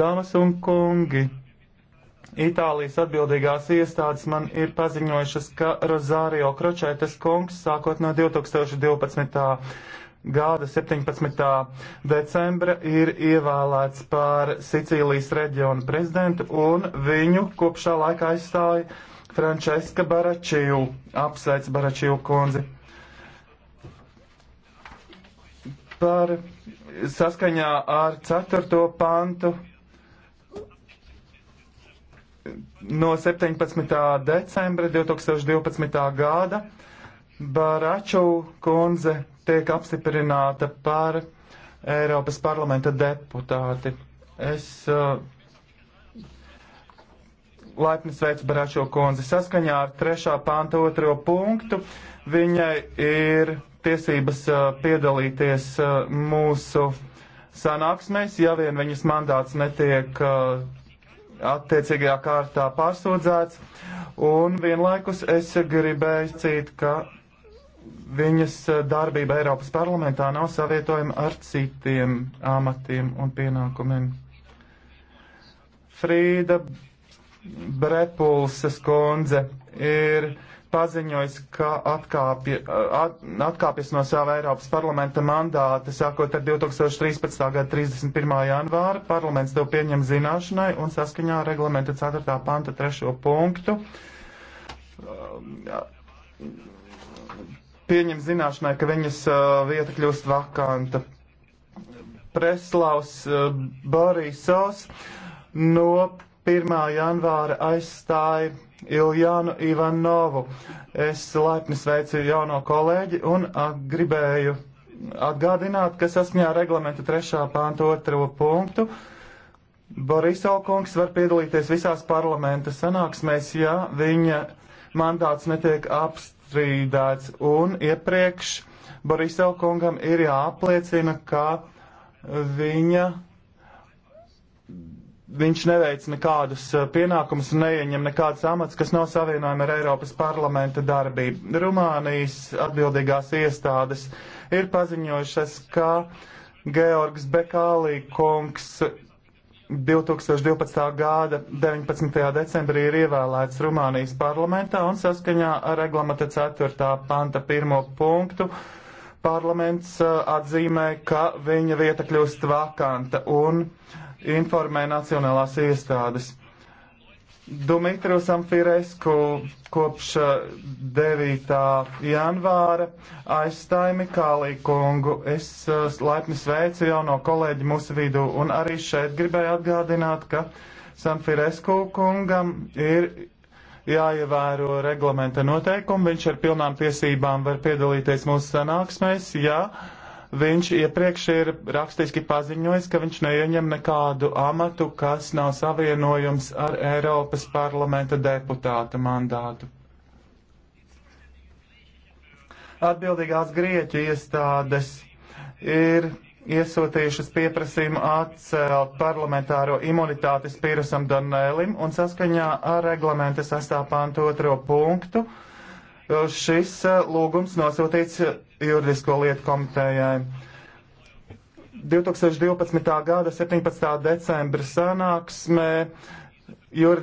Dāmas un kungi, Itālijas atbildīgās iestādes man ir paziņojušas, ka Rozārio Kročētes kungs sākot no 2012. gada 17. decembra ir ievēlēts par Sicīlijas reģionu prezidentu un viņu kopšā laikā aizstāja Frančeska Baračiju. Apsveic Baračiju kundzi. Par saskaņā ar 4. pantu no 17. decembra 2012. gada Baraču kundze tiek apstiprināta par Eiropas parlamenta deputāti. Es uh, laipni sveicu Baračo kundzi saskaņā ar 3. panta 2. punktu. Viņai ir tiesības uh, piedalīties uh, mūsu sanāksmēs, ja vien viņas mandāts netiek uh, attiecīgajā kārtā pārsūdzēts, un vienlaikus es gribēju cīt, ka viņas darbība Eiropas parlamentā nav savietojama ar citiem amatiem un pienākumiem. Frīda Brepulses kundze ir paziņojis, ka atkāpja, at, atkāpjas no sava Eiropas parlamenta mandāta sākot ar 2013. gada 31. janvāru. Parlaments to pieņem zināšanai un saskaņā ar reglamenta 4. panta 3. punktu. Um, pieņem zināšanai, ka viņas uh, vieta kļūst vakanta. Preslavs uh, Borisovs no 1. janvāra aizstāja Iljānu Ivanovu. Es laipni sveicu jauno kolēģi un gribēju atgādināt, ka saskaņā reglamenta 3. pānta 2. punktu Boriso kungs var piedalīties visās parlamenta sanāksmēs, ja viņa mandāts netiek apstrīdēts un iepriekš Boriso kungam ir jāapliecina, ka viņa viņš neveic nekādus eh, pienākumus un neieņem nekādas amats, kas nav savienojama ar Eiropas parlamenta darbību. Rumānijas atbildīgās iestādes ir paziņojušas, ka Georgs Bekālī kungs 2012. gada 19. decembrī ir ievēlēts Rumānijas parlamentā un saskaņā ar reglamenta 4. panta 1. punktu parlaments eh, atzīmē, ka viņa vieta kļūst vakanta un uh, informē nacionālās iestādes. Dumitru Samfiresku kopš 9. Eh, janvāra aizstāja Mikālī kungu. Es eh, laipni sveicu jauno kolēģi mūsu vidū un arī šeit gribēju atgādināt, ka Samfiresku kungam ir jāievēro reglamenta noteikumi. Viņš ar pilnām tiesībām var piedalīties mūsu sanāksmēs, ja Viņš iepriekš ir rakstiski paziņojis, ka viņš neieņem nekādu amatu, kas nav savienojums ar Eiropas parlamenta deputāta mandātu. Atbildīgās Grieķu iestādes ir iesūtījušas pieprasījumu atcelt parlamentāro imunitāti Spīrusam Donēlim un saskaņā ar reglamenta sastāpāntu otro punktu šis eh, lūgums nosūtīts eh, juridisko lietu komitējai. 2012. gada 17. decembra sanāksmē jur,